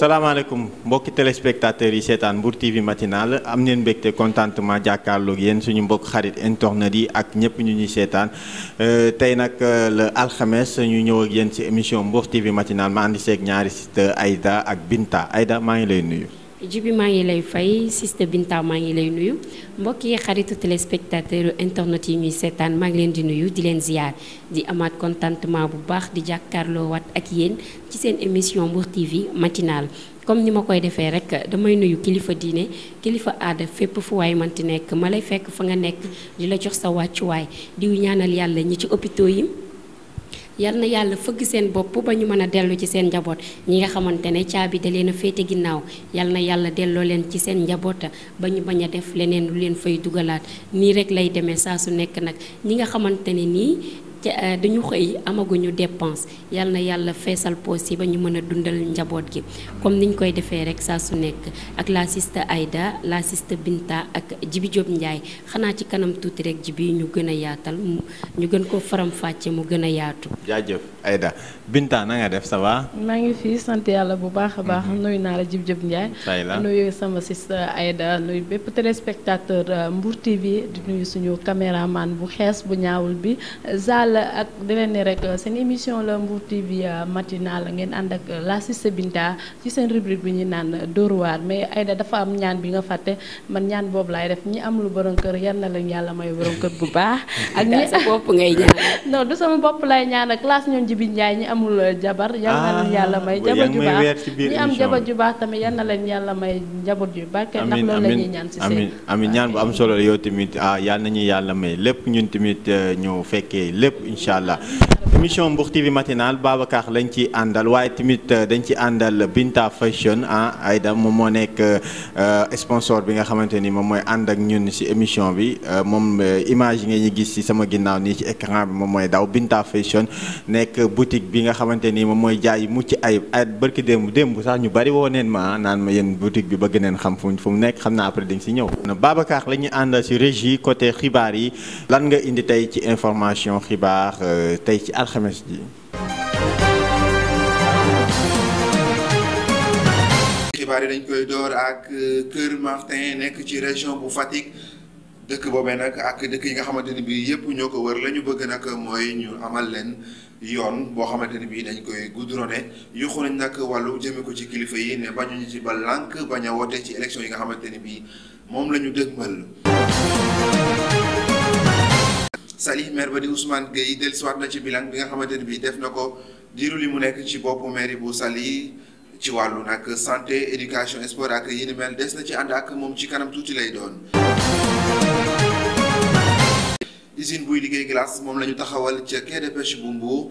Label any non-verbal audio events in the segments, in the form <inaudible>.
salaamaaleykum mbokki téléspectateurs yi seetaan Mbour TV matinal am neen mbégte contentement jàkkaarloog yéen suñu mbokk xarit internet yi ak ñëpp ñu ñuy seetaan euh, tey nag euh, le alxames ñu ñëw ak yéen ci émission Mbour TV matinal ma àndi seeg ñaari site ayda ak Binta Aïda maa ngi lay nuyu. Djiby maa ngi lay fay Siste Binta maa ngi lay nuyu mbokk yi xaritu téléspectateur internet yi ñuy seetaan maa ngi leen di nuyu di leen ziar di amaat contentement bu baax di jàkkaarloo waat ak yéen ci seen émission Mbour TV matinale comme ni ma koy defee rek damay nuyu kilifa diine kilifa aada fépp fu waay manti nekk ma lay fekk fa nga nekk di la jox sa wàccuwaay di ñaanal yàlla ñi ci hôpitaux yi. yal na yàlla fëgg seen bopp ba ñu mën a dellu ci seen njaboot ñi nga xamante ne caabi da leen a féete ginnaaw yal na yàlla delloo leen ci seen njaboota ba ñu bañ a def leneen lu leen fay dugalaat nii rek lay demee saa su nekk nag ñi nga xamante ne nii Euh, dañu xëy amaguñu dépense yal na yàlla feesal poos yi ba ñu mën a dundal njaboot gi comme niñ koy defee rek saa su nekk ak la sista Aïda la sista Binta ak Jibi Diop Ndiaye xanaa ci kanam tuuti rek jibi ñu gën a yaatal ñu gën ko faram mu gën a yaatu. jaajëf. Aïda Binta na nga def ça va. maa ngi fi sant yàlla bu baax baax. Mhm. nuyu na la Jib Jib Ndiaye. nuyu sama sis Aïda nuyu bépp téléspectateur euh, Mbour TV di nuyu suñu caméraman bu xess bu ñaawul bi. Zal ak di leen ni rek sen émission la Mbour TV euh, matinal ngeen and ak euh, la Sista Binta ci sen rubrique bi ñi nane Dóor waar mais Aïda dafa am ñaan bi nga faté man ñaan bob lay def ñi am lu borom kër yalla la leen yàlla may borom kër bu baax. ak ñi sa bopp ngay ñaan. <laughs> non du sama bop lay ñaan classe ñoom Jibi Njaay ñi amul euh, jabar yal na leen ah, yàlla may jabar ju baax am tamit yal na leen yàlla may njaboot ju barke ndax la ñuy ñaan si seen amiin ñaan bu am solo yow tamit ah yal nañu yàlla may lépp ñun tamit euh, ñu fekkee lépp incha allah émission Mbour bi matinale Babacar lañ ci àndal waaye tamit euh, dañ ci àndal Binta Fashion ah Aïda moom moo nekk sponsor bi nga xamante ni moom mooy ànd ak ñun si émission bi moom image yi nga ñu gis si sama ginnaaw nii ci écran bi moom mooy daw Binta Fashion nekk ak boutique bi nga xamante ni moom mooy jaay mucc ayib ay barki démb démb sax ñu bari woo neen ma naan ma yéen boutique bi bëgg neen xam fu mu nekk xam naa après dañ si la ñuy àndal si régie côté xibaar yi lan nga indi tey ci information xibaar euh, tey ci alxames xibaar yi dañ koy door ak euh, Kër Martin nekk ci région bu Fatick. dëkk boobee nag ak dëkk yi nga xamante ni bii yëpp ñoo ko wër la bëgg nag mooy ñu amal leen yoon boo xamante ni bii dañ koy goudronné yuxu nañ nag wàllu jëmee ko ci kilifa yi ne bañuñu ci ba lànk bañ a ci élection yi nga xamante ni bii moom la ñu dëgmal. Sali maire ba di Ousmane Gueye dellusiwaat na ci bilan bi nga xamante ni bii def na ko diiru li mu nekk ci boppu mairie bu Sali ci wàllu nag santé éducation sport ak yi ni des na ci ànd ak moom ci kanam tuuti lay doon. usine buy liggéey glace moom la ñu taxawal ca quai de pêche bu Mbour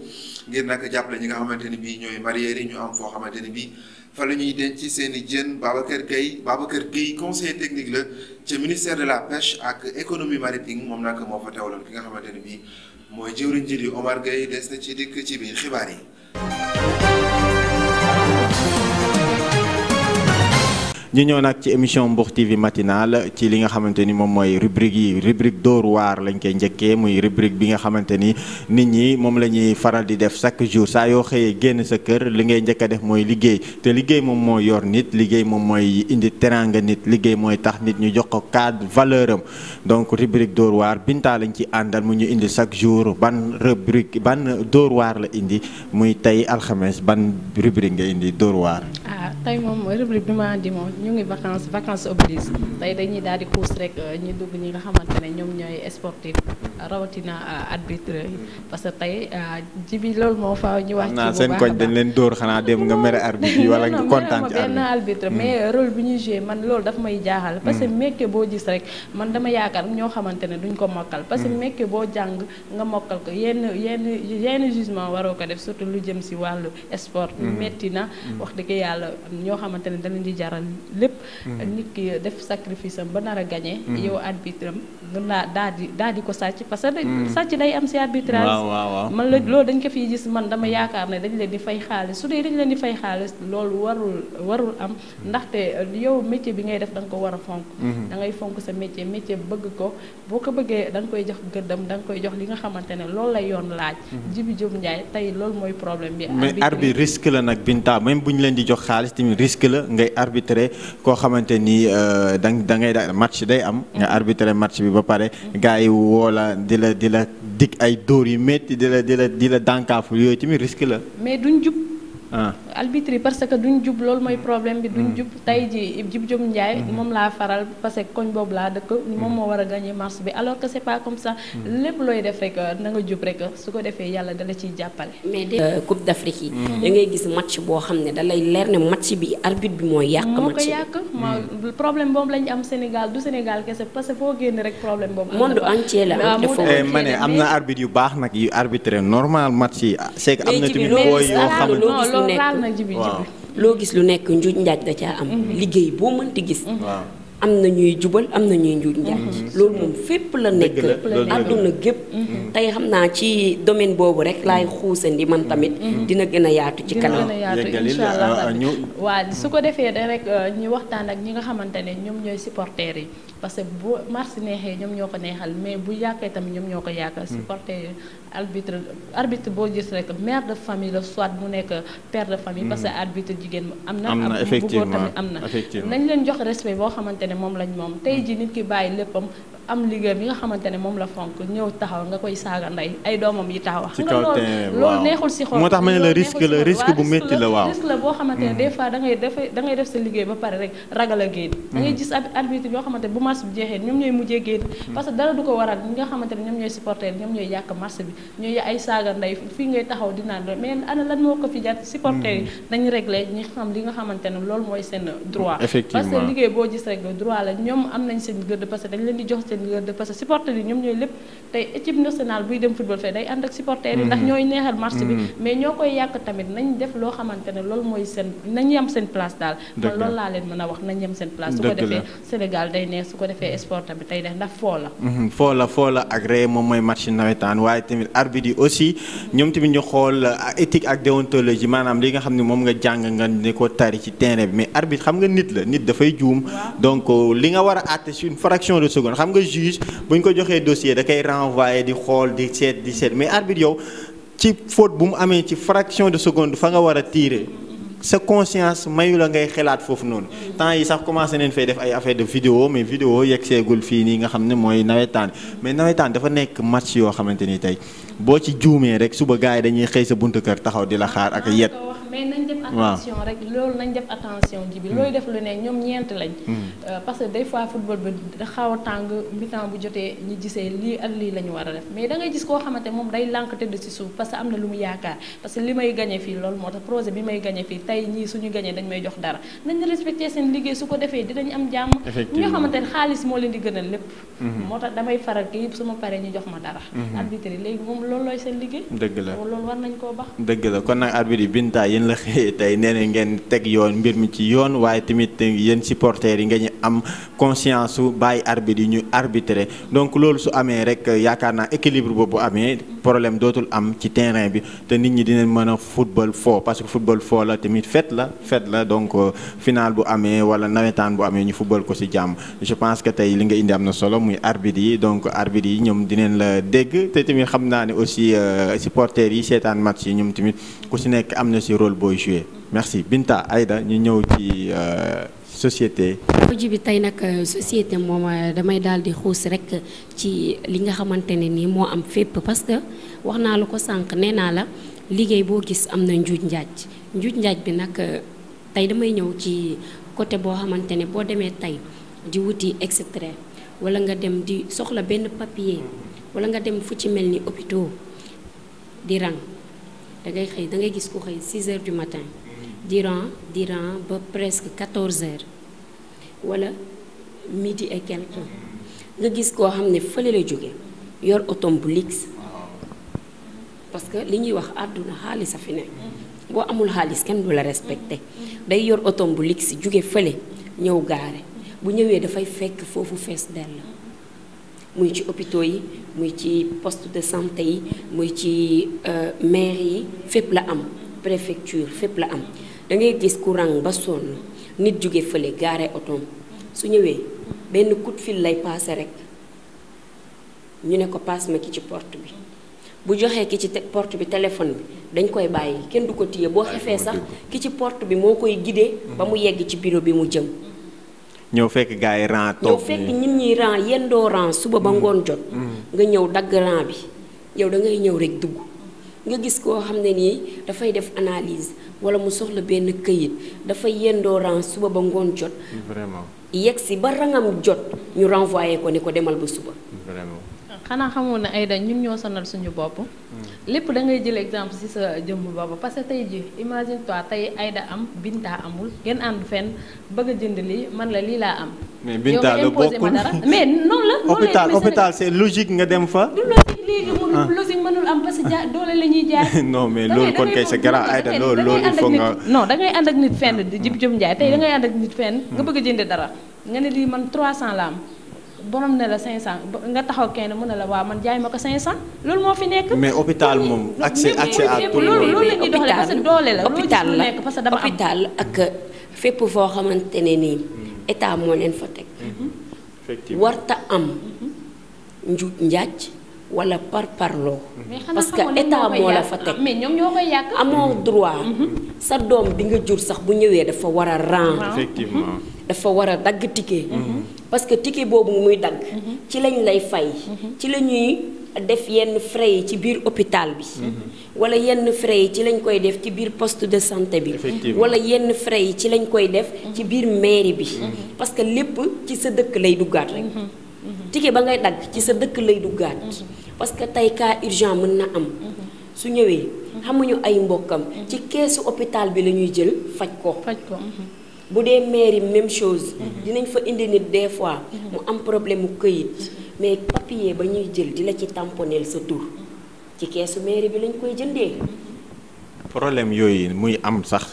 ngir nag jàppale ñi nga xamante ni bii ñooy mareyeurs yi ñu am foo xamante ni bii fa la ñuy denc seen i jën Babacar Gueye Babacar Gueye conseiller technique la ca ministère de la pêche ak économie maritime moom nag moo fa teewloon ki nga xamante ni bii mooy jëwriñ ji di Omar Gueye des na ci dikk ci biir xibaar yi. ñu ñëw nak ci émission Mbokh TV matinale ci li nga xamanteni ni moy rubrique yi rubrique Dóor war lañ koy ñëkke muy rubrique bi nga xamanteni nit ñi mom lañuy faral di def chaque jour sa yo xëyee génn sa kër li ngay ñëkke def moy liggéey te liggéey mom moo yor nit liggéey mom moy indi teranga nit liggéey moy tax nit ñu jox ko cadre valeuram donc rubrique Dóor war Binta lañ ci andal mu ñu indi chaque jour ban rubrique ban Dóor war la indi muy tey alxames ban rubrique nga indi Dóor war ah tey moom rubrique bi ma andi moom ñu ngi vacances vacances oblige tey dañuy daal di pousse rek euh, ñu dugg ñi nga xamante ne ñoom ñooy sportif rawatina euh, arbitre yi parce que tey euh, ji bi loolu moo fa ñu wax ci bu baax seen koñ dañ leen dóor xanaa dem nga mere arbitre yi wala nga kontaan ci benn arbitre hmm. mais rôle bi ñuy joué man loolu dafa may jaaxal hmm. parce que métier boo gis rek man dama yaakaar ñoo xamante ne duñ ko mokkal parce que hmm. métier boo jàng nga mokkal ko yenn yenn yenn jugement waroo ko def surtout lu jëm si wàllu sport metti na yàlla ñoo xamante ne di jaral lépp. Mm-hmm. nit ki def sacrifice ba nar a gagné. Mm-hmm. yow arbitre am di ko sàcc parce que. Mm-hmm. sàcc day am si arbitrage. waaw man la loolu dañ ko fiy gis man dama yaakaar ne dañ leen di fay xaalis su dee dañ leen di fay xaalis loolu warul warul am ndaxte yow métier bi ngay def da ko war a fonk. da ngay fonk sa métier métier bëgg ko boo ko bëggee da nga koy jox gëddam da nga koy jox li nga xamante ne loolu la yoon laaj. Djibi Diop Ndiaye tey loolu mooy la nag Binta même bu ñu leen di jox xaalis timi risque la ngay arbitrer ko xamanteni euh da ngay match day am nga arbitrer match bi ba pare gaay yi dila la di ay dóor yu metti dila dila dila la di la risque la mais duñ jup Ah. arbitre parce que duñ jub loolu mooy problème bi duñ hmm. jub tey ji jub Diop Ndiaye hmm. moom laa faral parce que koñ boobu laa dëkk moom hmm. moo war a gagné marche bi alors que c'est pas comme ça lépp looy def rek na nga jub rek su ko defee yàlla dala ciy jàppale mais de euh, coupe d'Afrique yi da ngay gis match boo xam ne dalay leer ne match bi arbitre bi mooy yàq moo ko yàq moo problème boobu am Sénégal du Sénégal kese parce que foo génn rek problème boobu monde entier la ah, eh, ma ne am na arbitre yu baax nag yu arbitre normal match yi ah, c'est que am na tamit boo yoo xam lu nekk loo gis lu nekk njuuj njaaj da caa am mhm. liggéey boo mënti gis mhm. am na ñuy jubal am na ñuy njuuj njaaj mhm. loolu moom fépp la nekk àdduna gépp tey xam naa ci domaine boobu rek laay xuusandi man tamit dina gën a yaatu ci kanam dina euh, waa su ko defee da rek euh, ñu waxtaan ak ñi nga xamante ne ñoom ñooy supporters yi parce que bu match neexee ñoom ñoo ko neexal mais bu yàqee tamit ñoom ñoo ko yàqal. Hmm. supporter arbitre arbitre boo gis rek mère de famille la soit mu nekk per de famille. Hmm. parce que arbitre jigéen am na. am na effectivement bu góor tamit am na. nañ leen jox respect boo xamante ne moom lañ moom. tey ji nit ki bàyyi léppam. am liggéey bi nga xamante moom la fonk ñëw taxaw nga koy saaga ndey ay doomam yi taxaw. ci neexul si xol. moo tax ma ne la la risque bu métti la waaw risque la boo xamante mm. a mm. mm. moo ko yi dañu régler ñi xam li nga xamante ne mooy seen droit. effectivement liggéey boo gis rek droit la ñoom am nañ seen gëdd parce que dañ leen di jox seen la de parce que supporters yi ñoom ñooy lépp tey équipe nationale buy dem football fee day ànd ak supporters yi ndax mm-hmm. ñooy neexal marché bi mm-hmm. mais ñoo koy yàq tamit nañ def loo xamante ne loolu mooy seen nañ yem seen place daal man loolu laa leen mën a wax nañ yem seen place su ko defee Sénégal day neex su ko defee sport tamit tey neex ndax mm-hmm. foo la ak ree moom mooy match nawetaan waaye tamit arbitre yi aussi ñoom tamit ñu xool ah, éthique ak déontologie maanaam li nga xam ne moom nga jàng nga ne ko tari ci terrain bi mais arbitre xam la nit dafay juum donc euh, li nga war a juge buñ ko joxé dossier da kay renvoyer di xol di seet di seet mais arbitre yow ci faute bu mu amé ci fraction de seconde fa nga wara tirer sa conscience mayu la ngay xalaat fofu non temps yi sax commencé nañ fay def ay affaire de vidéo mais vidéo yegg seegul fii nii nga xamné moy mooy nawetaan mais nawetaan dafa nek match yo xamanteni tay bo ci djoumé rek suba gaay dañuy xëy sa buntu kër taxaw di la xaar ak yett mais nañ def attention rek loolu nañ def attention ji bi hmm. looy def lu ne ñoom ñeent lañ hmm. euh, parce que des fois football bi xaw a tàng mi bu jotee ñu gisee lii ak lii la ñu war a def mais da ngay gis koo xamante moom day lànk tëdd ci suuf parce que am na lu mu yaakaar parce que li may gañe fii loolu moo tax projet bi may gañe fii tey ñii suñu gañee dañ may jox dara nañ respecté seen liggéey su ko defee dinañ am jàmm ñi nga xamante ne xaalis moo leen di gënal lépp hmm. moo tax damay faral kii yëpp su ma paree ñu jox ma dara arbitre yi léegi moom loolu looy seen yéen la tay tey ngeen tek yoon mbir mi ci yoon waye timit yéen supporters yi nga ñu am conscience su arbitre ñu arbitrer donc loolu su amé rek yakarna équilibre boobu amé problème dotul am ci terrain bi te nit ñi dinañ mëna football foo parce que football foo la timit fête la fête la donc euh, final bu amé wala nawétan bu amé ñu football ko ci jam je pense que tay li nga indi am na solo muy arbitre yi donc arbitre yi ñom dinañ la dégg te timit xam naa aussi euh, supporters yi sétane match yi ñom timit ku ci nekk amna ci rôle rôle booy joué merci Binta Aïda ñu ñëw ci euh, société. projet bi tey nag euh, société moom euh, damay daal di xuus rek ci li nga xamante ne nii moo am fépp parce que wax naa la ko sànq nee naa la liggéey boo gis am na njuuj njaaj njuuj njaaj bi nak tay damay ñëw ci côté bo xamantene bo démé tay di wuti extrait wala nga dem di soxla ben papier wala nga dem fu ci melni hôpital di rang da ngay xëy da ngay gis ku xëy 6 heures du matin durant durant ba presque 14 heures wala midi et quelque nga gis koo xam ne fële la jóge yor otom bu luxe parce que li ñuy wax àdduna xaalis a fi ne boo amul xaalis kenn du la respecté day yor otom bu luxe jóge fële ñëw gaare bu ñëwee dafay fekk foofu fees dell la muy ci hôpitaux yi muy ci poste de santé yi muy ci euh, maire yi fépp la am préfecture fépp la am da ngay gis courant ba sonn nit jóge fële gaare otoom su ñëwee benn coup de lay paase rek ñu ne ko paas ma ki ci port bi bu joxee ki ci porte bi téléphone bi dañ koy bàyyi kenn du ko téye boo xefee sax ki ci porte bi moo koy guidé ba mu yegg ci bureau bi mu jëm ñëw fekk gars yi rang toog ñëw fekk ñun ñuy rang yendoo rang suba ba ngoon mm. jot. Mm. nga ñëw dagg rang bi yow da ngay ñëw rekk dugg nga gis koo xam ne nii dafay def analise wala mu soxla benn këyit dafay yendoo rang suba ba ngoon jot. vraiment yegg si ba rangam jot ñu renvoyé ko ne ko demal ba suba. xanaa xamoon ne Aïda ñun ñoo sonal suñu bopp. Hmm. lépp da ngay jël exemple ci sa jëmm boobu parce que tey ji imagine toi tey Aïda am Binta amul ngeen ànd fenn bëgg a jënd lii man la lii laa am. mais Binta le bokkul mais non la. hôpital hôpital c'est logique nga dem fa. du logique léegi mu ah. logique mënul am parce que jaa doole la ñuy jaay. <laughs> non mais loolu kon kay c'est grave Aïda loolu loolu il faut nga. non da ngay ànd ak nit fenn di jib jëm njaay tey hmm. da ngay ànd ak nit fenn nga hmm. bëgg a jënd dara nga ne lii man 300 la am borom ne la 500 nga taxaw kenn mu ne la wa man jaay mako 500 lool mo fi nek mais hôpital mom accès accès à tout lool lool la ñuy doxalee parce que doole la hôpital la lu parce que dama am hôpital ak fepp fo xamantene ni hmm. état mo len fa tek hmm. mhm. effectivement warta am mhm. njut njaaj wala par parlo hmm. parce que état mo la fa tek ah, mais ñom ñoo yak amo droit. Mhm. sa dom bi nga jur sax bu ñewé dafa wara rang. effectivement dafa wara dag dagg ticket. parce que ticket boobu muy dagg. Mhm. ci lañ lay fay. Mhm. ci la ñuy def yenn frais yi ci biir hôpital bi. Mhm. wala yenn frais yi ci lañ koy def ci biir poste de santé bi. wala yenn frais yi ci lañ koy def. ci biir mairie bi. parce que lépp ci sa dëkk lay duggaat rek. ticket ba ngay dagg ci sa dëkk lay duggaat. parce que tey cas urgent mën na am. su ñëwee xamuñu ay mbokkam. ci keesu hôpital bi la ñuy jël faj ko. faj ko. bu mairie même chose. Mhm. dinañ fa indi nit des fois. Mhm. mu am problème mu këyit. mais papier ba ñuy jël dila ci tamponeel sa tour ci caisse mairie bi lañ koy jëndé. problème yooyu muy am sax.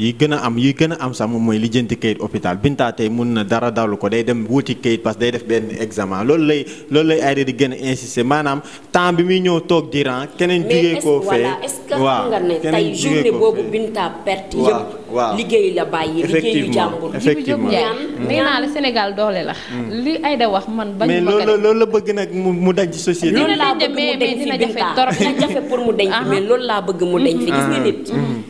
yi gën a am yi gën a am sax moom mooy lijjanti kayit hôpital Binta tey mun na dara dalu ko day dem wuti kayit parce que day def benn examen loolu lay loolu lay ay gën a insister maanaam temps bi muy ñëw toog di keneen jugee koo fee waaw keneen jugee koo fee Binta perte yëpp la hmm. loolu la bëgg nag mu daj ci société loolu laa bëgg mu denc fi hmm. gis nga nit hmm.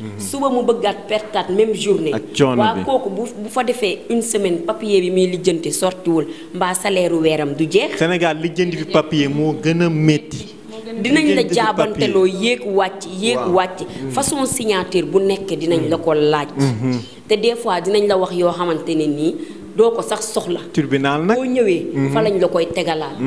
Mhm. suba mu bëggaat pertaat même journée. ak coono bi waa kooku bu bu fa defee une semaine papier bi muy lijjanti sortiwul mbaa salaire weeram du jeex. Sénégal lijjanti fi papier moo gën a métti. dinañ la jaabanteloo yéeg wàcc yéeg wàcc. Mhm. façon signature bu nekk dinañ la ko laaj. Mhm. te des fois dinañ la wax yoo xamante ne nii doo ko sax soxla. tribunal nag boo ñëwee. fa lañ la koy tegalaat.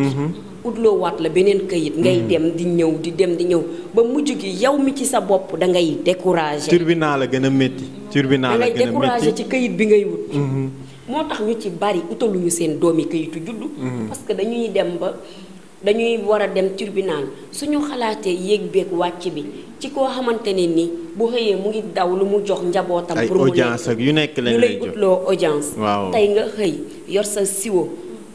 utloo waat la beneen kayit. ngay hmm. dem di ñëw di dem di ñëw ba mujj gi yow mi ci sa bopp da ngay découragé. turbinat la gën a métti. turbinat la gën a métti da ngay découragé ci kayit bi ngay wut. Hmm. moo tax ñu ci bari utaluñu seen doomi kayitu juddu. Hmm. parce que dañuy dem ba. dañuy war a dem tribunal suñu xalaatee yéeg beeg wàcc bi ci koo xamante ne ni bu xëyee mu ngi daw lu mu jox njabootam. pour mu nekk yu lay utloo audience. tey nga xëy yor sa siwo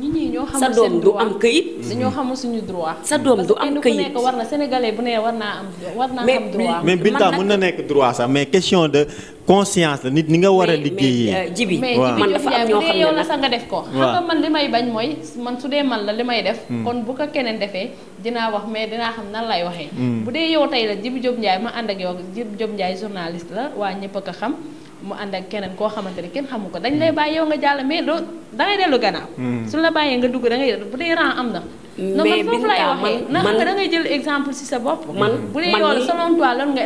ñu sa doom du am këyit. ñoo xamul suñu droit. sa doom du am këyit war na sénégalais bu ne war naa am war naa am droit. mais Binta mën na nekk droit sax mais question de conscience la nit ni nga war a liggéeyee. Euh, jibi man dafa am ñoo xam ne yow la sax nga def ko. xam may bañ mooy man su dee man la li may def. Hmm. kon bu ko keneen defee dinaa wax mais dinaa xam nan lay waxee. Hmm. bu dee yow tey la Djibi Diop Ndiaye ma ànd ak yow Djibi Diop Ndiaye journaliste la waa ñëpp a xam. mu ànd ak keneen koo xamante ni kenn xamu ko dañ lay bàyyi yow nga jàll mais doo dangay dellu gannaaw. Hmm. suñu la bàyyee nga dugg dangay bu dee rang am na. Hmm, mais nga jël exemple ci sa bopp. man hmm.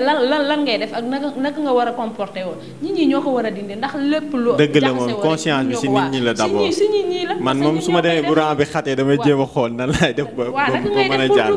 lan lan ngay def ak naka nga war a comporté woon nit ñi ñoo ko war a dindi ndax lépp lu. dëgg la moom conscience bi ci nit ñi la d'abord ci nit ñi la. man moom su ma demee bu rang bi xatee damay jéem a xool nan laay def. ba ba mën a jàll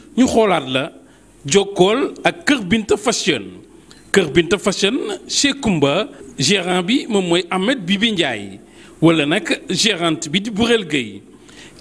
ñu xoolaat la jokkool ak Kër Binta Fashion Kër Binta Fashion chez Kumba gérant bi moom mooy Ahmed Bibi Ndiaye wala nag gérante bi di bourel Gueye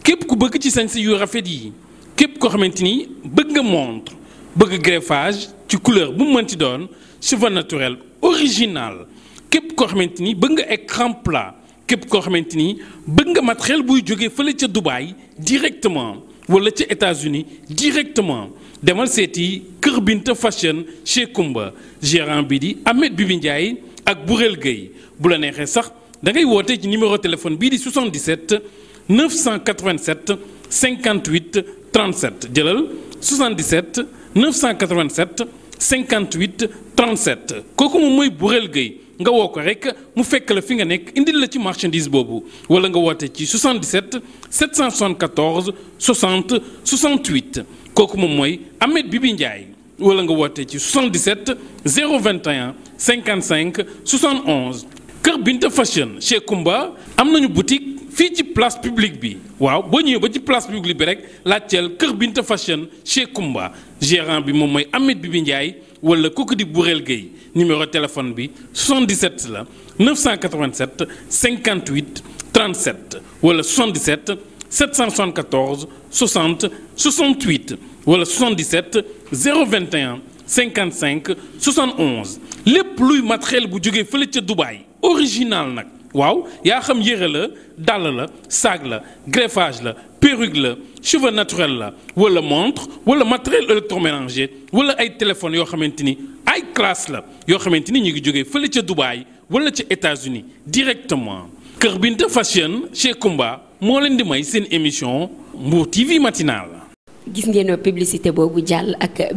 képp ku bëgg ci sañse yu rafet yi képp koo xamante ni bëgg nga montre bëgg greffage ci couleur bu mu mënti doon cheveux naturel original képp koo xamante ni bëgg nga écran plat képp koo xamante ni bëgg nga matériel buy jógee fële ca Dubaï directement ou ci États-Unis directement devant seeti Kër Fashion chez Kumba gérant Bidi, Ahmed Bibindiaï, et ak Bourel Gueye Vous avez vous numéro de ngay numéro téléphone Bidi 77 987 58 37 77 987 58 37 kooku moom Bourel Gueye nga woo ko rek mu fekk la fi nga nekk indil la ci marchandise boobu wala nga woote ci 77 774 60 68 kooku moom mooy Ahmed Bibi Ndiaye wala nga woote ci 77 021 55 71 Kër Binta Fashion chez Kumba am nañu boutique. fii ci place publique bi waaw boo ñëwee ba ci place publique bi rek laajteel Kër Binta Fashion chez Kumba gérant bi moom mooy Ahmed Bibi ou le di Bourel Gueye numéro téléphone bi 77 987 58 37 le 77 774 60 68 le 77 021 55 71 Les luy matériel bu jógee fële original waaw yaa xam yére la dàll la la greffage la perruque cheveux naturel la wala montre wala matériel électroménager wala ay téléphones yoo xamante ay classe la yoo ngi Dubaï wala États-Unis directement Fashion chez Kumba moo leen di may seen émission TV matinale gis ngeen publicité boobu ak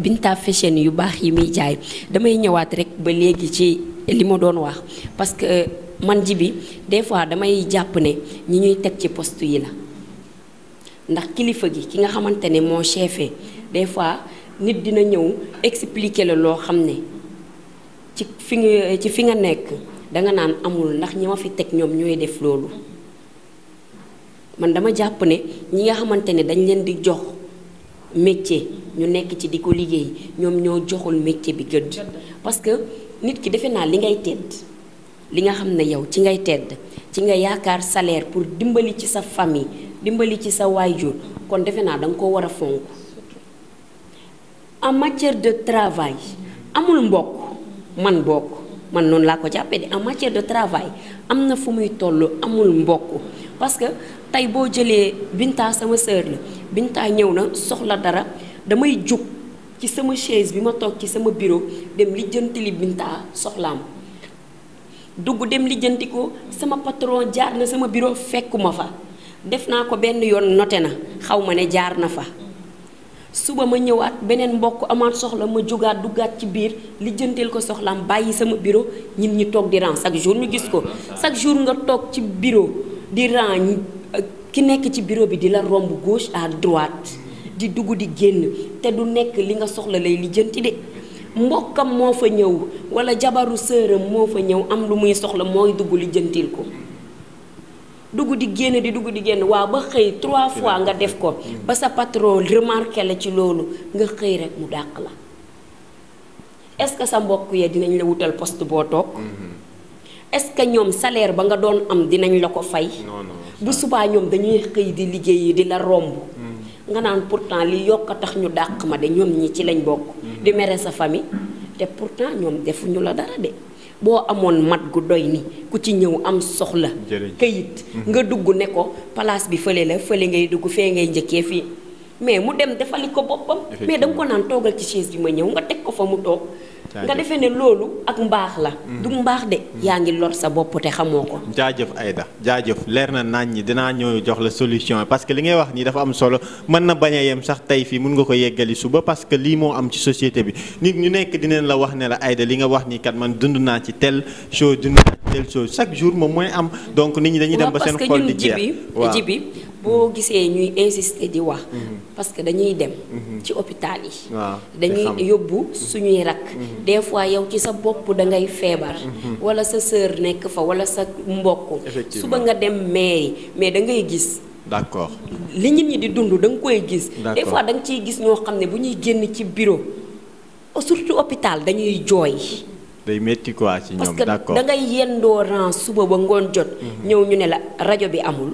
Fashion yu ñëwaat rek ba ci li doon parce que man ji bi des fois damay jàpp ne ñi ñuy teg ci poste yi la ndax kilifa gi ki nga xamante ne moo chefé des fois nit dina ñëw expliquer la loo xam ne ci fi nga ci fi nga nekk danga naan amul ndax ñi ma fi teg ñoom ñooy def loolu man dama jàpp ne ñi nga xamante ne dañ leen di jox métier ñu nekk ci di ko liggéey ñoom ñoo joxul métier bi gëdd parce que nit ki defe naa li ngay teet li nga xam ne yow ci ngay tedd ci nga yaakaar salaire pour dimbali ci sa famille dimbali ci sa waajur kon defe naa danga ko war a fonk en matière de travail amul mbokk man bokk man noonu laa ko jàppee de en matière de travail am na fu muy toll amul mbokk parce que tey boo jëlee Binta sama sœur la Binta ñëw na soxla dara damay jug ci sama chaise bi ma toog ci sama bureau dem lijjanti li Binta soxlaam dugg dem lijjanti sama patron jaar na sama bureau fekkuma fa def naa ko benn yoon noté na xaw ma ne jaar na fa suba ma ñëwaat beneen mbokk amaat soxla ma jógaat duggaat ci biir lijjanteel ko soxlaam bàyyi sama biro ñin ñi toog di rang chaque jour ñu gis ko chaque jour nga toog ci bureau di rang ki nekk ci bureau bi di la romb gauche à droite di dugg di génn te du nekk li nga soxla lay lijjanti de mbokkam moo fa ñëw wala jabaru sëram moo fa ñëw am lu muy soxla mooy dugg li jëntil ko dugg di génn di dugg di génn waa ba xëy trois fois nga def ko mm. ba sa patron remarqué la ci loolu nga xëy rek mu dàq la est-ce que sa mbokk ya dinañ la wutal poste boo toog mm-hmm. est-ce que ñoom saleer ba nga doon am dinañ la ko fay bu subaa ñoom dañuy xëy di liggéey yi di la romb nga naan pourtant li yokk a tax ñu dàq ma de ñoom ñi ci lañ bokk. di mere sa famille te pourtant ñoom defuñu la dara de boo amoon mat gu doy ni ku ci ñëw am soxla. këyit mm-hmm. nga dugg ne ko place bi fële la fële ngay dugg fee ngay njëkkee fii. mais mu dem defali ko boppam. mais da nga ko naan toogal ci chaise bi ma ñëw nga teg ko fa mu toog. nga defee ne loolu ak mbaax la. Mm. du mbaax de mm. yaa ngi lor sa bopp te xamoo ko. jaajëf ayda jaajëf leer na naañ ñi dinaa ñëw jox la solution parce que li ngay wax nii dafa am solo mën na bañ a yem sax tey fii mun nga ko yeggali suba parce que lii moo am ci société bi nit ñu nekk dinañ la wax ne la ayda li nga wax nii kat man dund naa ci tel chose dund naa ci tel chose chaque jour moom mooy am donc nit ñi dañuy dem ba seen xol di jeex waaw parce ñun bi boo gisee ñuy insister di wax mhm. parce que dañuy dem mhm. ci hôpital yi ah, dañuy yóbbu suñuy rakk mhm. des fois yow ci sa da ngay wala sa sœur nekk fa wala sa mbokk suba nga dem mairie mais da ngay gis d'accord li nit ñi di dund da gis des fois da nga gis ñoo xam ne bu ñuy génn ci bureau surtout hôpital dañuy jooy day metti quoi ci ñoom d'accord parce que da ngay rang suba ba ngoon jot ñu ne la rajo bi amul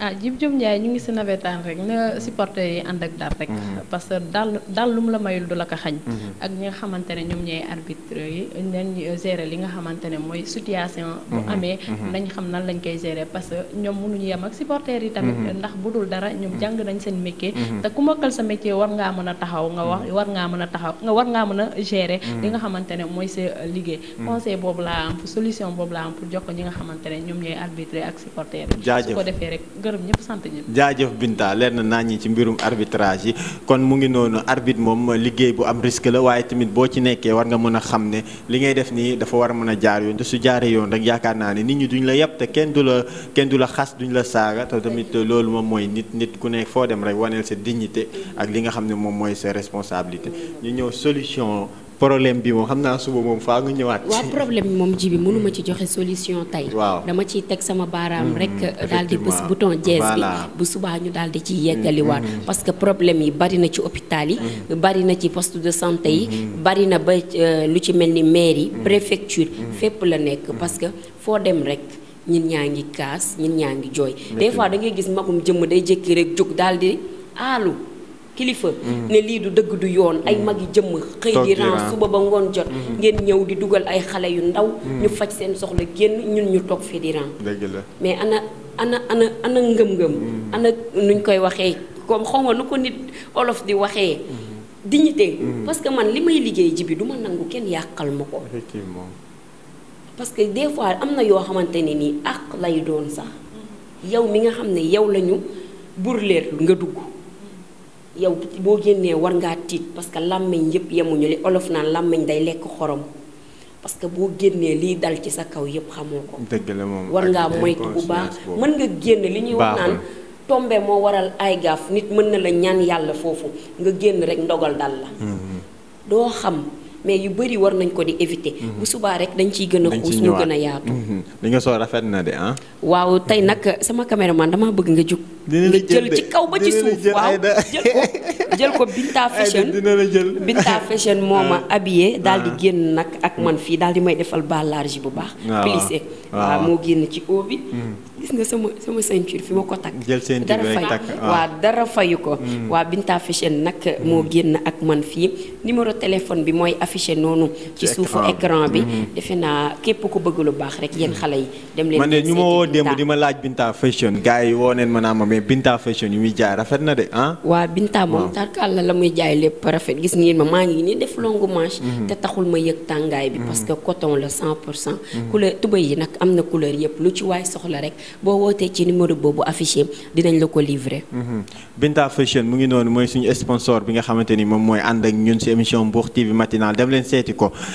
ah Djib Diop Ndiaye ñu ngi si nawetaan rek na supporter yi ànd ak dal rek. Mm-hmm. parce que dal dal mu la mayul du la ko xañ. Mm-hmm. ak ñi nga xamante ne ñoom ñooy arbitre yi nañ gérer li nga xamante ne situation. bu mm-hmm. amee nañ xam nan lañ koy gérer parce que ñoom mënuñu yem ak supporter yi tamit. ndax bu dara ñoom jàng nañ seen métier. te ku mokkal sa métier war ngaa mën a taxaw nga wax war ngaa mën a taxaw nga war ngaa mën a gérer. li nga xamante ne mooy sa liggéey. conseil boobu laa am solution boobu laa pour jox ñi nga xamante ne ñoom ñooy arbitre ak supporter yi. jaajëf su ko defee rek gërëm ñëpp sant ñëpp. jaajëf leer na naa ñi ci mbirum arbitrage yi kon mu ngi noonu arbitre moom liggéey bu am risque la waaye tamit boo ci nekkee war nga mën a xam ne li ngay def nii dafa war a mën a jaar yoon te su jaaree yoon rek yaakaar naa ne nit ñi duñ la yàpp te kenn du la kenn du la xas duñu la saaga te tamit loolu moom mooy nit nit ku nekk foo dem rek waneel sa dignité ak li nga xam ne moom mooy sa responsabilité ñu ñëw solution. problème bi moom xam naa suba moom faa nga ñëwaat. waaw problème moom ji mënuma ci joxe solution tey. waaw dama ciy teg sama baaraam hmm, rek. Euh, daal di bës bouton jees bi bu subaa ñu daal di ci yeggaliwaat. Hmm, hmm. parce que problème yi bari na ci hôpital yi. bari na ci poste de santé yi. bari na ba euh, lu ci mel ni mairie préfecture. fépp la nekk parce que foo dem rek. ñun ñaa ngi kaas ñun ñaa ngi jooy. des fois da ngay gis magum jëmm day jékki rek jóg daal di aalu. kilifa. Mm-hmm. ne lii du dëgg du yoon ay mm-hmm. mag yi jëmm xëy di ran suba ba ngoon jot. Mm-hmm. ngeen ñëw di dugal ay xale yu ndaw. ñu faj seen soxla génn ñun ñu toog fii di ran. mais ana ana ana ana ngëm-ngëm. ana nuñ koy waxee comme xaw ma nu ko nit olof di waxee. dignité. parce que man li may liggéey ji bi du ma nangu kenn yàqal ma ko. effectivement. parce que des am na yoo xamante ne nii àq lay doon sax. yow mi nga xam ne yow lañu burleer nga dugg. yow boo génnee war ngaa tiit parce que làmmiñ yépp yemuñu li olof naan làmmiñ day lekk xorom parce que boo génnee liy dal ci sa kaw yépp xamoo ko. dëgg la moom war ngaa moytu bu baax mën nga génn li ñuy wax naan. tombe moo waral ay gaaf nit mën na la ñaan yàlla foofu nga génn rek ndogal dal la. Mm-hmm. doo xam. mais yu bëri war nañ ko di éviter. Mhm. bu subaa rek dañ ciy gën a xuus mu gën a yaatu. Mhm. li nga soo rafet na de ah. waaw tey nag sama man dama bëgg nga jug. nga jël ci kaw ba ci suuf waaw jël ko jël ko Binta <laughs> daal di ah. génn nag ak man fii daal di may defal bas large bu baax. Ah, plissé waaw moo génn ci haut bi. Mhm. nga sama sama ceinture fi ma ko takk. jël ceinture dara fayu dara fayu ko. waa Binta Fashion nag moo génn ak man fii. numéro téléphone bi mooy affiché noonu ci suufu écran bi mm-hmm. defe naa képp ku bëgg lu baax rek yéen xale yi dem man de ñu ma woo démb di ma laaj Binta fashion gars yi woo neen ma naa ma mais Binta fashion ah? ma maa ngi nii def longue manche mm-hmm. te taxul ma yëg tàngaay bi parce mm-hmm. que coton la 100 pour cent couleur tubay yi nag am na couleur yëpp lu ci waay soxla rek boo wootee ci numéro boobu affiché dinañ la ko livrer Binta fashion mu ngi noonu mooy suñu sponsor bi nga xamante ni moom mooy émission TV matinale. dem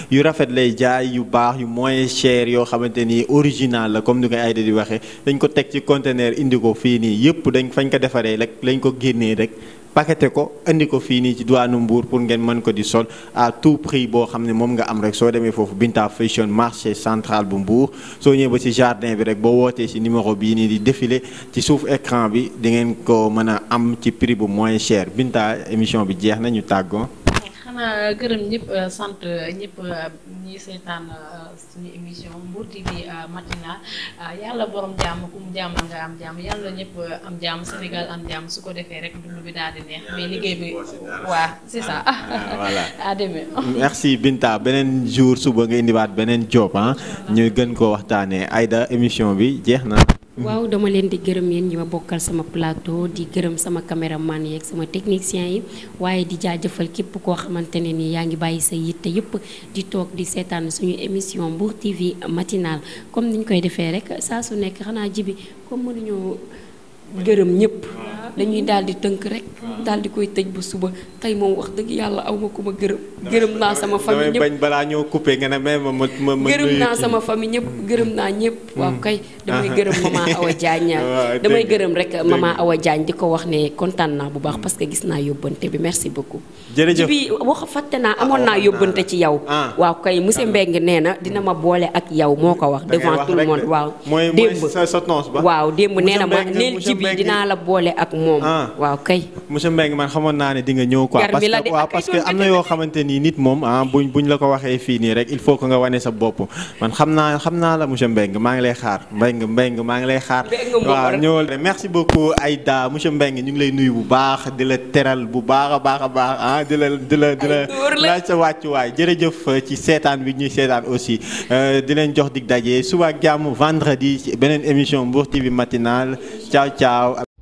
yu rafet lay jaay yu moins cher yo original comme ni di dañ ko ci conteneur indigo dañ fañ ko rek lañ ko rek paqueté ko ci pour ngeen ko sol à tout prix nga Fashion marché central bu Mbour ba ci jardin bi rek bo woté ci numéro des ni di défilé ci écran bi di prix moins cher Binta émission bi jeex na ñu xanaa gërëm ñëpp euh, sant ñëpp euh, ñi seetaan euh, suñu émission Mbour TV matinal yàlla borom jàmm ku mu nga am jàmm yàlla ñëpp am jàmm Sénégal am jàmm su ko defee rek dund bi daal di neex mais liggéey bi waa c'est ça. Ah, <laughs> voilà à <laughs> merci Binta beneen jour suba nga indiwaat beneen job ah. ñu gën ko waxtaanee ayda émission bi jeex na. waaw dama leen di gërëm yéen ñi ma bokkal sama plateau di gërëm sama caméraman yeeg sama technicien yi waaye di jaajëfal képp koo xamante ne ni yaa ngi bàyyi sa yitte yëpp di toog di seetaan suñu émission Mbour TV matinale comme ni ñu koy defee rek saa su nekk xanaa jibi comme mënuñoo gërëm ñëpp. dañuy dal di teunk rek dal di koy tëj bu suba tay moom wax deug yalla awma kuma ku ma gërëm gërëm naa sama famille ñëpp bañ bala ñoo coupé nga na mais ma ma ma gërëm naa sama famille ñëpp gërëm na ñëpp wa hmm. kay damay ah. gërëm mama awa jaña <laughs> ah, damay gërëm rek mama awa jañ diko wax ne contane na bu baax parce que gis na yobante bi merci beaucoup jërëjëf bi wax faté na amon ah, na yobante ci yaw wa kay monsieur mbeng nee dina ma bolé ak yaw moko wax devant tout le monde wa sa sotnos ba wa nee na ma nel ci bi dina la bolé ak moom. Ah. waaw kay. monsieur Mbengue man xamoon naa ne di nga ñëw ko parce que waaw parce que am na yoo xamante ni nit moom ah buñ buñ la ko waxee fii nii rek il faut que nga wane sa bopp man xam naa xam naa la monsieur Mbengue maa ngi lay xaar Mbengue Mbengue maa ngi lay xaar. waaw ñëwal rek merci beaucoup Aïda monsieur Mbengue ñu ngi lay nuyu bu baax di la teral bu baax a baax a baax ah di la di la di la laaj sa wàccuwaay jërëjëf euh, ci seetaan bi ñuy seetaan aussi euh, di leen jox dig daje suba jàmm vendredi ci beneen émission Mbour TV matinale ciao ciao